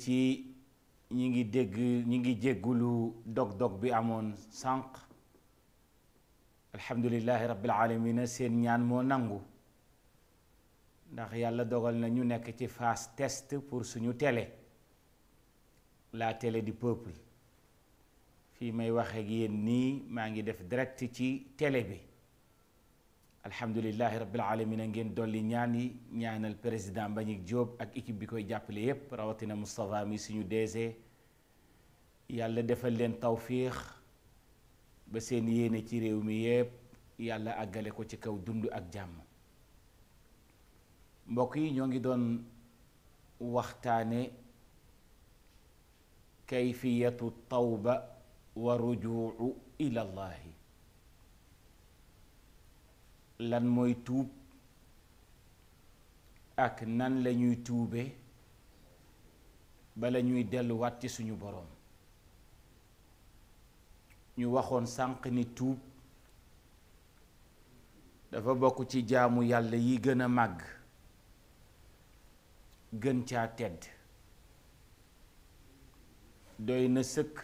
ci ñi ngi dégg ñi ngi jéggulu dog-dog bi amoon sànq alhamdulillahi rabbil alamina seen ñaan moo nangu ndax yàlla dogal na ñu nekk ci phase test pour suñu télé la télé du peuple fii may waxe ak nii maa ngi def direct ci télé bi alhamdulilahi rabbil alamina ngeen dolli ñaan yi ñaanal président Mbagnick Diop ak équipe bi koy jàppale yépp rawatina Moustapha mi suñu DG yàlla defal leen tawfiix ba seen yéene ci réew mi yépp yàlla àggale ko ci kaw dund ak jàmm mbokk yi ñoo ngi doon waxtaane kayfiyatu tawba wa rujuu ila allahi lan mooy tuub ak nan lañuy tuube bala ñuy delluwaat ci suñu boroom ñu waxoon sànq ni tuub dafa bokk ci jaamu yàlla yi gën a màgg gën caa tedd doy na sëkk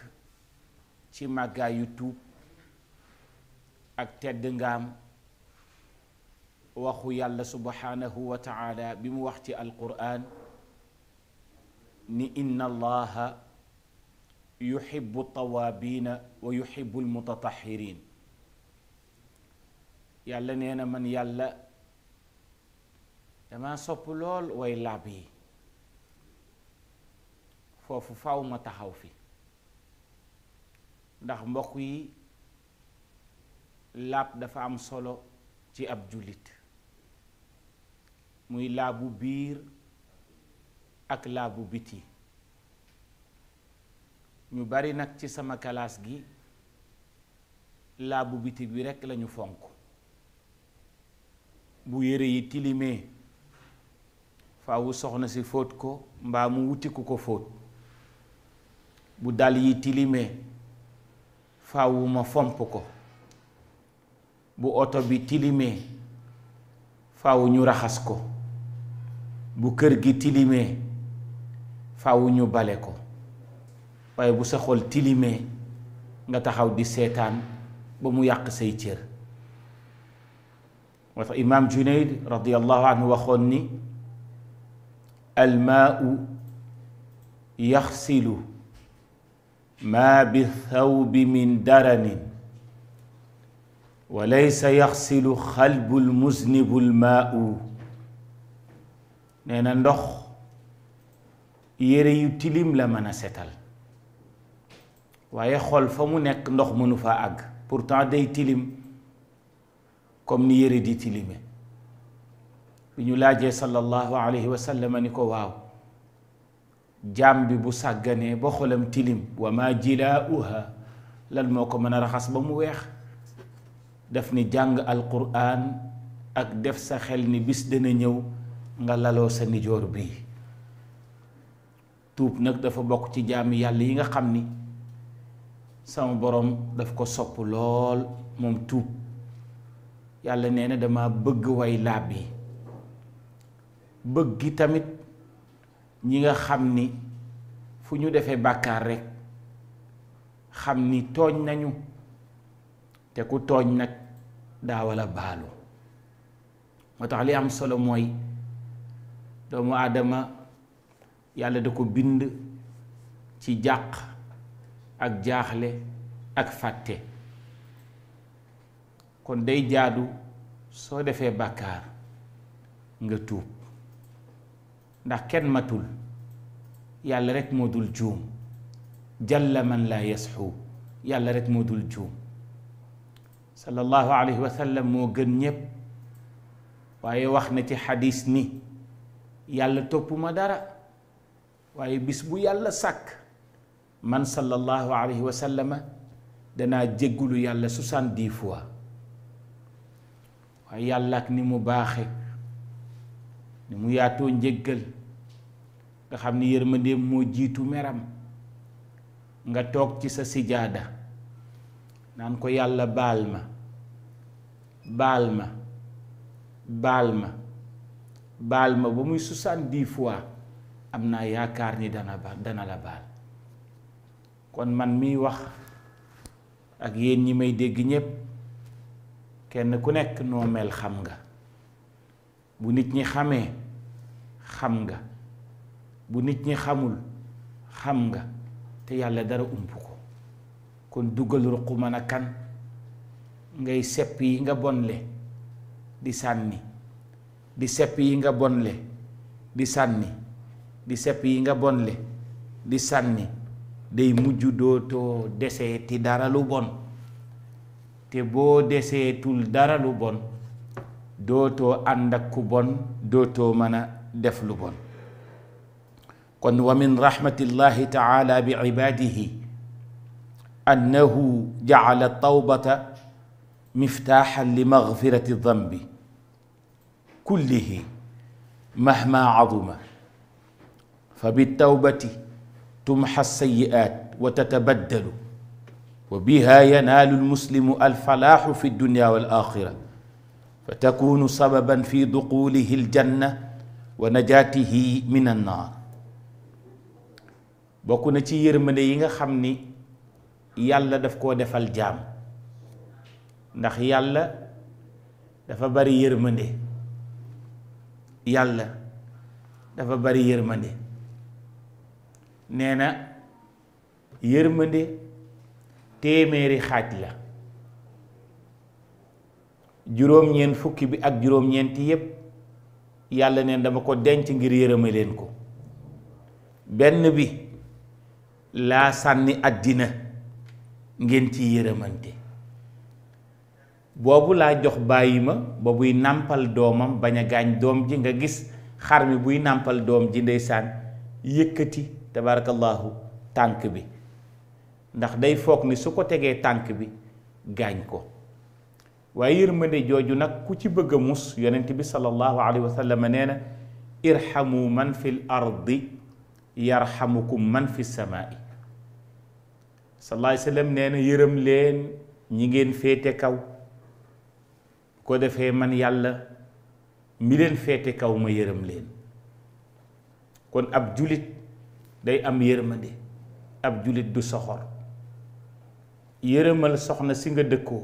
ci màggaayu tuub ak tedd ngaam waxu yàlla subhanahu wa taala bi mu wax ci alquran ni inna allaha yuxibu tawaabina wa yuxibu almutataxirin yàlla nee na man yàlla dama sopp lool way laab yi foofu faw ma taxaw fi ndax mbokk yi laab dafa am solo ci ab jullit muy laabu biir ak laabu biti ñu bari nag ci sama kalaas gi laabu biti bi rekk lañu fonk bu yére yi tilimee faawu soxna si fóot ko mbaa mu wuti ku ko fóot bu dàll yi tilimee faawu ma fomp ko bu oto bi tilimee faawu ñu raxas ko bu kër gi tilimee faaw ñu bale ko waaye bu sa xol tilimee nga taxaw di seetaan ba mu yàq say cër imaam Junayd radiallahu anhu waxoon ni almaau yaxsilu maa bi thawbi min daranin wa laysa yaxsilu xalbu lmuznibu lmaau nee na ndox yére yu tilim la mën a setal waaye xol fa mu nekk ndox mënu fa àgg pourtant day tilim comme ni yére di tilime bi ñu laajee sallallahu alayhi wa ni ko waaw jaam bi bu sàgganee ba xolam tilim wa ma jilauha lan moo ko mën a raxas ba mu weex def ni jàng alquran ak def sa xel ni bis dana ñëw nga laloo sa nijoor bii tuub nag dafa bokk ci jaami yàlla yi nga xam ni sama boroom daf ko sopp lool moom tuub yàlla nee na dama bëgg way laab yi bëgg tamit ñi nga xam ni fu ñu defee bàkkaar rekk xam ni tooñ nañu te ku tooñ nag daawala baalu moo tax li am solo mooy doomu aadama yàlla da ko bind ci jàq ak jaaxle ak fàtte kon day jaadu soo defee bàkkaar nga tuub ndax kenn matul yàlla rek moo dul juum jalla man laa yasxu yàlla rekk moo dul juum sallallahu alayhi wa moo gën ñépp waaye wax na ci xadis ni yàlla topp ma dara waaye bis bu yàlla sàkk man sallallahu alayhi wa danaa jéggulu yàlla soixante-dix fois waaye yàlla ak ni mu baaxe ni mu yaatoo njëggal nga xam ni yërmandeem moo jiitu meram nga toog ci sa sijaada naan ko yàlla baal ma baal ma baal ma baal ma ba muy soixante-dix fois am naa yaakaar ni dana ba dana la baal kon man miy wax ak yéen ñi may dégg ñépp kenn ku nekk noo mel xam nga bu nit ñi xamee xam nga bu nit ñi xamul xam nga te yàlla dara ump ko kon dugal ruq mën a kan ngay sepp yi nga bonle di sànni di sepp yi nga bonle di sànni di sepp yi nga bonle di sànni day mujj dootoo deseeti dara lu bon te boo deseetul dara lu bon dootoo ànd ak bon dootoo mën a def bon kon wa min raxmatillahi taala bi cibaadihi annahu jacala tawbata miftaaxan li magfirati dambi kullihi mahma azuma fa bitawbati tumxa sayi'aat wa tatabaddalu wa biha yanaalu lmuslimu alfalaaxu fi dunya wal axira fa takunu sababan fi duqulihi aljanna wa najaatihi min annaar bokk na ci yërmande yi nga xam ni yàlla daf koo defal jaam ndax yàlla dafa bari yërmande yàlla dafa bari yërmande nee na yërmande téeméeri xaaj la juróom-ñeent fukki bi ak juróom-ñeent yépp yàlla neen dama ko denc ngir yërëma leen ko benn bi laa sànni àddina ngeen ci yërëmante boobu laa jox bàyyi ma ba buy nàmpal doomam bañ a gaañ doom ji nga gis xar mi buy nàmpal doom ji ndeysaan yëkkati tabaarakallaahu tànk bi ndax day foog ni su ko tegee tànk bi gaañ ko waaye yërmande jooju nag ku ci bëgg a mus yonent bi sallallahu alayhi wa sallam nee na irhamu man fil ardi yarhamukum man fi samaai sallallahu alayhi wa yërëm leen ñi ngeen féete kaw ko defee man yàlla mi leen féete kaw ma yërëm leen kon ab julit day am yërmande ab julit du soxor yërëmal soxna si nga dëkkoo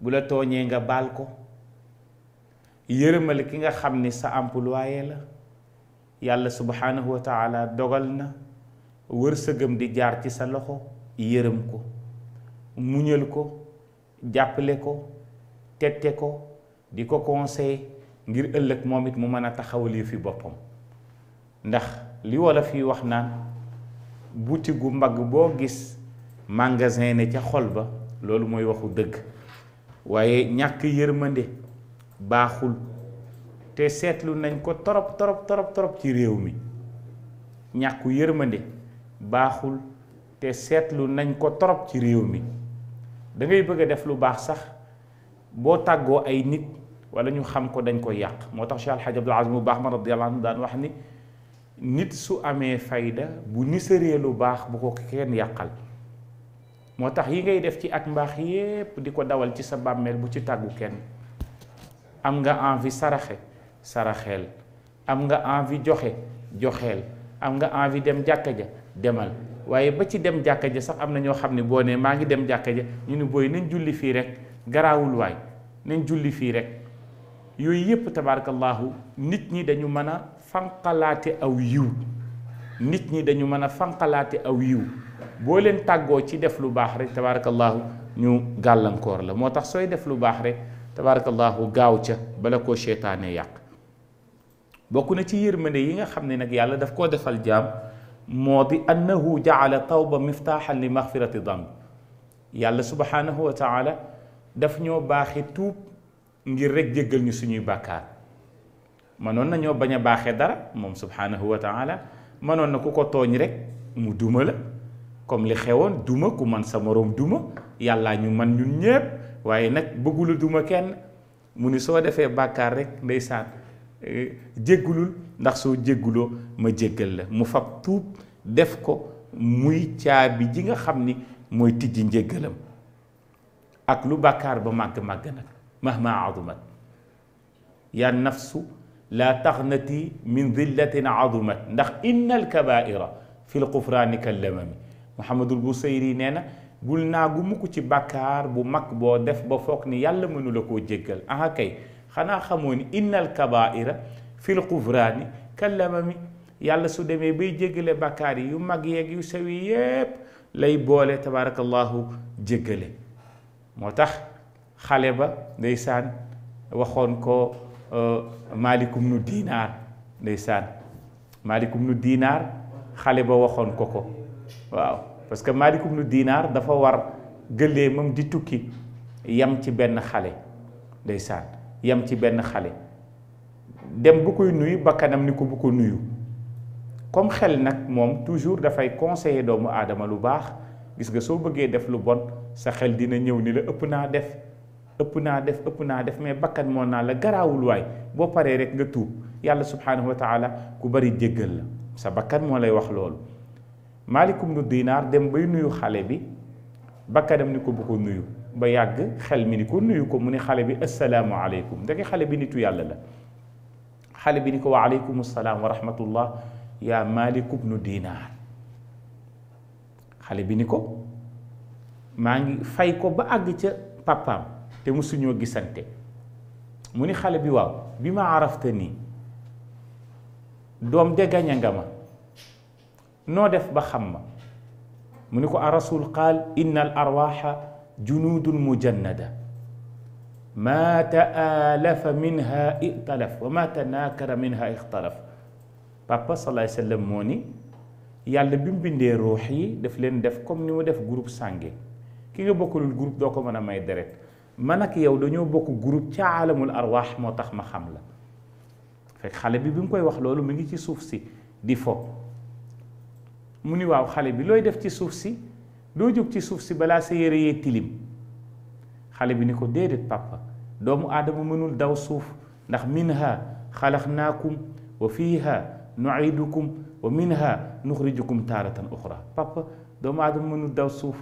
bu la tooñee nga baal ko yërëmal ki nga xam ni sa waaye la yàlla subhanahu wa taala dogal na wërsëgam di jaar ci sa loxo yërëm ko muñal ko jàppale ko tette ko di ko conseil ngir ëllëg moom it mu mën a taxawal fi boppam ndax li wala fii wax naan buti gu mbagg boo gis magasin ne ca xol ba loolu mooy waxu dëgg waaye ñàkk yërmande baaxul te seetlu nañ ko torop torop torop torop ci réew mi ñàkku yërmande baaxul te seetlu nañ ko torop ci réew mi da ngay def lu baax sax boo tàggoo ay nit wala ñu xam ko dañ koy yàq moo tax Cheikh Alhaji Abdul Aziz bu baax ma radiyallahu anhu daan wax ni nit su amee fayda bu nisaree lu baax bu ko kenn yàqal moo tax yi ngay def ci ak mbaax yépp di ko dawal ci sa bàmmeel bu ci tàggu kenn am nga envi saraxe saraxeel am nga envi joxe joxeel am nga envie dem jàkka ja demal waaye ba ci dem jàkka ja sax am na ñoo xam ne boo nee maa ngi dem jàkka ja ñu ni booy nañ julli fii rek garaawul waay nañ julli fii rek yooyu yëpp tabaarakallaahu nit ñi dañu mën a fanqalaate aw yiw nit ñi dañu mën a fanqalaate aw yiw boo leen tàggoo ci def lu baax rek tabaarakallaahu ñu gàllankoor la moo tax sooy def lu baax rek tabaarakallaahu gaaw ca bala koo seetaane yàq bokku na ci yërmande yi nga xam ne nag yàlla daf koo defal jaam moo di annahu jaala tawba miftaaxan li maxfirati damb yàlla subhaanahu wa daf ñoo baaxe tuub ngir rek jéggal ñu suñuy bàkkaar mënoon na ñoo bañ a baaxe dara moom subhanahu wa taala mënoon na ku ko tooñ rekk mu duma la comme li xewoon duma ku man sa moroom duma yàlla ñu man ñun ñépp waaye nag bëggula duma kenn mu ni soo defee bàkkaar rek ndeysaan eh, jéggulul ndax soo jégguloo ma jéggal la mu fab tuub def ko muy caabi ji nga xam ni mooy tijji njéggalam ak lu bàkkaar ba màgg-màgg nag mahma adumat ya nafsu laa taxnati min dillatin adumat ndax inna alkabaira fi lqufraani kallamami Muhammadul Busayri nee na bul naagu ci bàkkaar bu mag boo def ba foog ni yàlla mënu la koo jéggal aha kay xanaa xamoo ni inna alkabaira fi lqufraani kallamami yàlla su demee bay jéggale bàkkaar yu mag yeeg yu sew lay boole tabarakallahu jéggale moo tax xale ba saan waxoon ko euh, maalikum nu diinaar ndeysaan maalikum nu diinaar xale ba waxoon ko ko waaw parce que maalikum nu diinaar dafa war gëlee moom di tukki yam ci benn xale ndeysaan yam ci benn xale dem bu koy nuyu bakkanam ni ko bu ko nuyu comme xel nag moom toujours dafay conseiller doomu aadama lu baax gis nga soo bëggee def lu bon sa xel dina ñëw ni la ëpp naa def ëpp naa def ëpp naa def mais bakkan moo naa la garaawul waay boo paree rek nga tuub yàlla subhaanahu wa taala ku bari jéggal la sa bakkan moo lay wax loolu maalikum nu dinaar dem bay nuyu xale bi bakkanam ni ko bu ko nuyu ba yàgg xel mi ni ko nuyu ko mu ni xale bi assalaamu aleykum ndeke xale bi nitu yàlla la xale bi ni ko wa aleykum salaam wa rahmatullah yaa maalikum nu xale bi ni ko maa ngi fay ko ba àgg ca papaam te masuñoo gisante mu ni xale bi waaw bi ma arafta nii doom de gañe nga ma noo def ba xam ma mu ni ko arasul qaal inna al arwaxa junudun mujannada maa taalafa minha italaf wa maa tanaakara minha ixtalaf papa salaay sallam moo ni yàlla bi mu bindee ruux yi daf leen def comme ni mu def groupe sanguin ki nga bokkalul groupe doo ko mën a may deret man ak yow dañoo bokk groupe ca aalamul arwaax moo tax ma xam la xale bi bi mu koy wax loolu mu ngi ci suuf si di foog mu ni waaw xale bi looy def ci suuf si doo jóg ci suuf si balaa sa yére yee tilim xale bi ni ko déedéet papa doomu aadama mënul daw suuf ndax minha xalaqnaakum wa fiiha nuidukum wa minha nuxrijukum taaratan uxra papa doomu aadama mënul daw suuf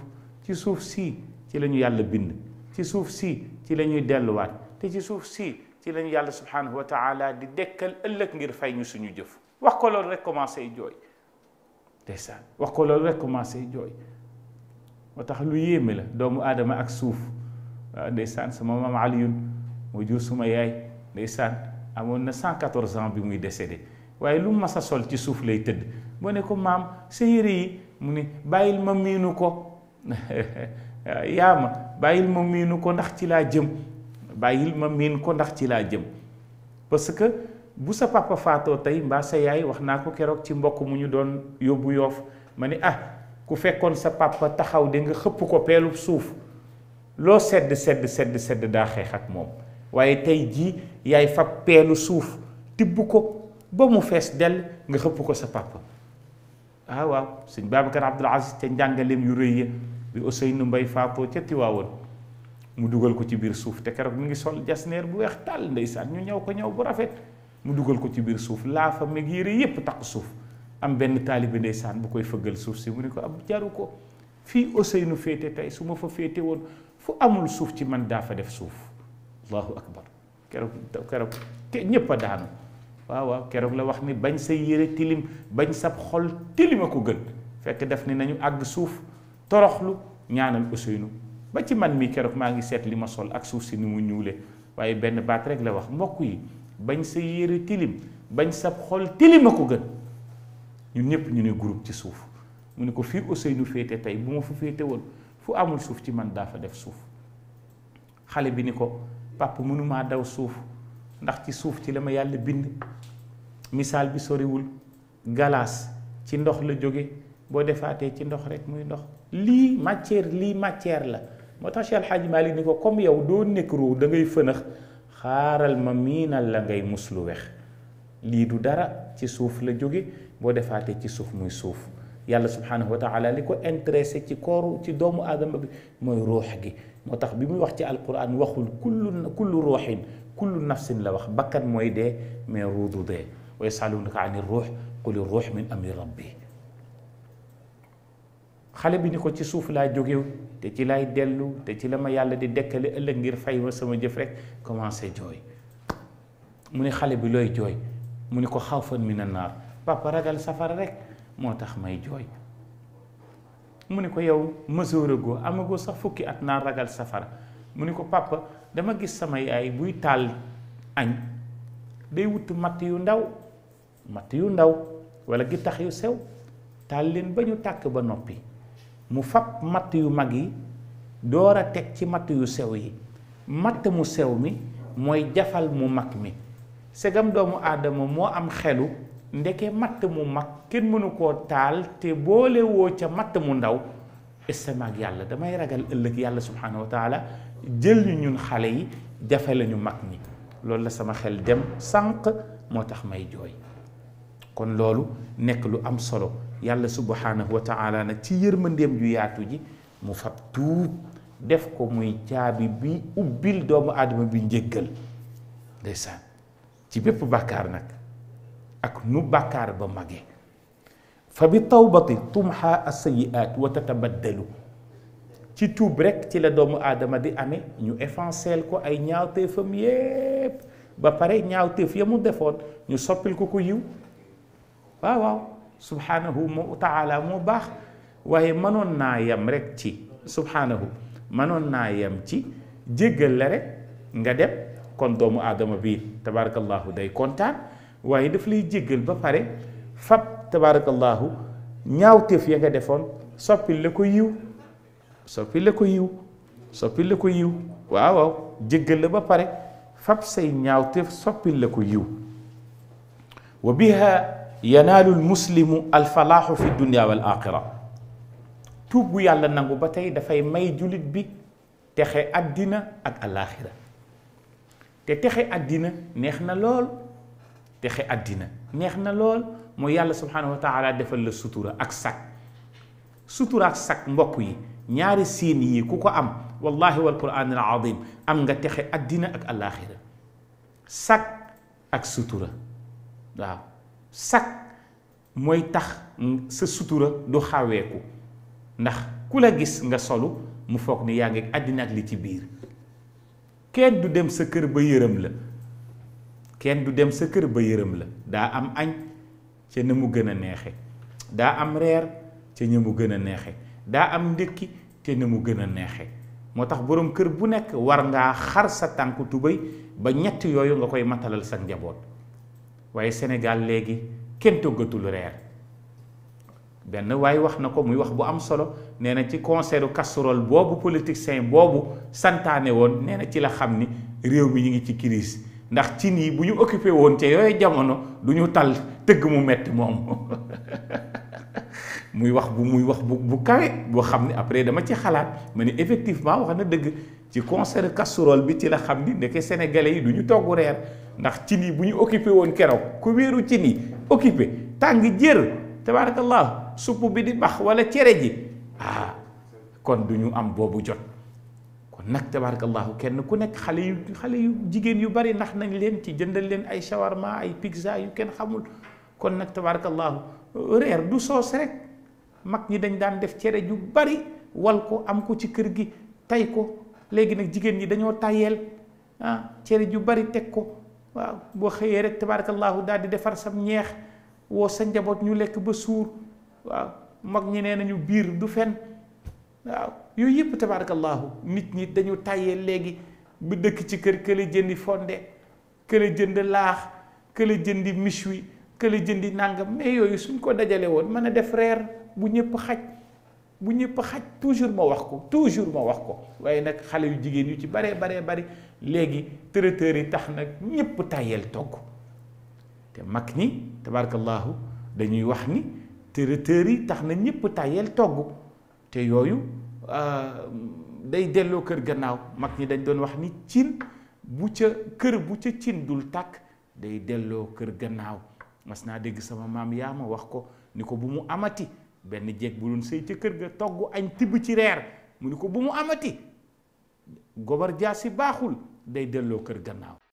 ci suuf sii ci la ñu yàlla bind ci suuf sii ci la ñuy delluwaat te ci suuf sii ci la ñu yàlla subhanahu wa taala di dekkal ëllëg ngir fay ñu suñu jëf wax ko loolu rek commencé jooy ndeysaan wax ko rek commencé jooy moo tax lu yéeme la doomu aadama ak suuf waaw ndeysaan suma maam Alioune moo jur suma yaay ndeysaan amoon na 114 ans bi muy décédé waaye lu mu mas sol ci suuf lay tëdd boo ne ko maam sa yére yi mu ne bàyyil ma miinu ko yaama bàyyil ma miinu ko ndax ci laa jëm bàyyil ma miin ko ndax ci laa jëm parce que bu sa papa faatoo tey mbaa sa yaay wax naa ko keroog ci mbokk mu ñu doon yóbbu yoof ma ni ah ku fekkoon sa papa taxaw de nga xëpp ko peelu suuf loo sedd sedd sedd sedd daa xeex ak moom waaye tey jii yaay fab peelu suuf tibb ko ba mu fees dell nga xëpp ko sa papa ah waaw sëñ Babacar Abdoul Aziz ca njàngaleem yu rëy ya bi Ousseynou Mbaye faatoo ca Tiwaawoon mu dugal ko ci biir suuf te keroog mu ngi sol neer bu weex tàll ndeysaan ñu ñëw ko ñaw bu rafet mu dugal ko ci biir suuf laa fa meg yére yépp taq suuf am benn taalibi ndeysaan bu koy fëggal suuf si mu ne ko ab jaru ko fii oseynu féete tey su ma fa féete woon fu amul suuf ci man daa fa def suuf allahu akbar keroog keroog te ñépp a daanu waaw waaw keroog la wax ni bañ sa yére tilim bañ sab xol tilima ko gën fekk def ne nañu àgg suuf toroxlu ñaanal Ousseynou ba ci man mi keroog maa ngi seet li ma sol ak suuf si ni mu ñuule waaye benn baat rek la wax mbokk yi bañ sa yére tilim bañ sab xol tilima ko gën ñu ñëpp ñu ne groupe ci suuf mu ne ko fii aussi Ousseynou féete tey bu ma fu féete woon fu amul suuf ci man daa fa def suuf xale bi ni ko papa mënumaa daw suuf ndax ci suuf ci la ma yàlla bind misaal bi soriwul galaas ci ndox la jóge boo defaatee ci ndox rek muy ndox lii matière lii matière la moo tax Cheikh Alxaaji Maalik ni ko comme yow doo nekk ruuw da ngay fënax xaaral ma miinal la ngay mus lu wex lii du dara ci suuf la jóge boo defaatee ci suuf muy suuf yàlla subhaanahu wa taala li ko intéressé ci kooru ci doomu aadama bi mooy ruux gi moo tax bi muy wax ci alquran waxul kullu kullu ruuxin kullu nafsin la wax bakkan mooy dee mais ruudu du dee wa yasalunaka ani ruux quli ruux min amri rabbi xale bi ni ko ci suuf laa jógew te ci lay dellu te ci la ma yàlla di dekkale ëllëg ngir fay ma sama jëf rek commencé jooy mu ni xale bi looy jooy mu ni ko xawfan mina naar papa ragal safara rek moo tax may jooy mu ne ko yow mësooragoo amagoo sax fukki at naa ragal safara mu ne ko papa dama gis sama yaay buy taal añ day wut matt yu ndaw matt yu ndaw walla gittax yu sew taal leen ba ñu tàkk ba noppi mu fab matt yu mag yi door a teg ci matt yu sew yi matt mu sew mi mooy jafal mu mag mi segam doomu aadama moo am xelu ndeke matt mu mag kenn mënu koo taal te boole woo ca matt mu ndaw istamaag yàlla damay ragal ëllëg yàlla subhanahu wa jël ñu ñun xale yi jafe lañu mag ñi loolu la sama xel dem sànq moo tax may jooy kon loolu nekk lu am solo yàlla subhanahu wa taala nag ci yërmandeem ju yaatu ji mu fab tuub def ko muy caabi bi ubbil doomu aadama bi njëggal ndeysaan ci bépp bàkkaar nag ak nu bàkkaar ba mage fa bi tawbati tumxa as sayiaat wa tatabaddalu ci tuub rek ci la doomu aadama di amee ñu effacer ko ay ñaawteefam yépp ba pare ñaawteef ya mu defoon ñu soppil ko ko yiw waaw waaw subhanahu wa taala moo baax waaye mënoon naa yem rek ci subhanahu mënoon naa yem ci jéggal la rek nga dem kon doomu aadama bii tabarakallahu day kontaan waaye daf lay jéggal ba pare fab tabarakallahu ñaawteef ya nga defoon soppil la ko yiw soppi la ko yiw soppi la ko yiw waaw waaw jéggal la ba pare fab say ñaawteef soppi la ko yiw wa biha yanaalu lmuslimu alfalaaxu fi dunia wal axira tuub bu yàlla nangu ba tey dafay may julit bi texe àddina ak alaaxira te texe àddina neex na lool texe àddina neex na lool mooy yàlla subhanahu wa taala defal la sutura ak sag sutura ak sag mbokk yi ñaari siin yii ku ko am wallahi wal quraan am nga texe addina ak alaaxira sag ak sutura waaw sag mooy tax sa sutura du xaweeku ndax ku la gis nga solu mu foog ni yaa ngi addina ak li ci biir kenn du dem sa kër ba yërëm la kenn du dem sa kër ba yërëm la daa am añ ca na mu gën a neexe daa am reer ca ña mu gën a neexe daa am ndëkki te na mu gën a neexe moo tax boroom kër bu nekk war ngaa xar sa tànku tubéy ba ñett yooyu nga koy matalal sa njaboot waaye Sénégal léegi kenn toggatul reer benn waaye wax na ko muy wax bu am solo nee na ci concert casserole boobu politicien boobu santaane woon nee na ci la xam ni réew mi ñu ngi ci crise ndax cin yi bu ñu occupé woon ca yooyu jamono du ñu tal tëgg mu metti moom muy wax bu muy wax bu bu kawe boo xam ne après dama ci xalaat ma ne effectivement wax na dëgg ci concert casserole bi ci la xam ni ndeke sénégalais yi du ñu togg reer ndax ci yi bu ñu occupé woon keroog ku wéeru cin yi occupé tàng jër tabaarakallah supp bi di bax wala cere ji ah kon du ñu am boobu jot kon nag tabaarakallahu kenn ku nekk xale yu xale yu jigéen yu bari ndax nañ leen ci jëndal leen ay shawarma ay pizza yu kenn xamul kon nag tabaarakallahu reer soos mag ñi dañ daan def cere ju bari wal ko am ko ci kër gi tey ko léegi nag jigéen ñi dañoo tayeel ah, cere ju bari teg ko waaw boo xëyee rek tabaarakallaahu daal di defar sam ñeex woo sa njaboot ñu lekk ba suur waaw mag ñi nee nañu biir du fen waaw yooyu yëpp tabaarakallaahu nit ñi dañu tayeel léegi bu dëkk ci kër kële jëndi fonde kële jënd laax kële jëndi miche wi kële jëndi nàngam mais yooyu suñ ko dajale woon mën a def reer bu ñëpp xaj bu ñëpp xaj toujours ma wax ko toujours ma wax ko waaye nag xale yu jigéen yu ci baree baree bari léegi traiteur yi tax nag ñëpp tàyyeel togg te mag ñi tabarakallaahu dañuy wax ni traiteur yi tax na ñëpp tàyyeel togg te yooyu euh, day delloo kër gannaaw mag ñi dañ doon wax ni cin bu ca kër bu ca cin dul tàkk day delloo kër gannaaw mas naa dégg sama maam yaa ma wax ko ni ko bu mu amati benn jeeg bu doon sëy ca kër ga togg añ tibb ci reer mu ni ko bu mu amati gobar si baaxul day delloo kër gannaaw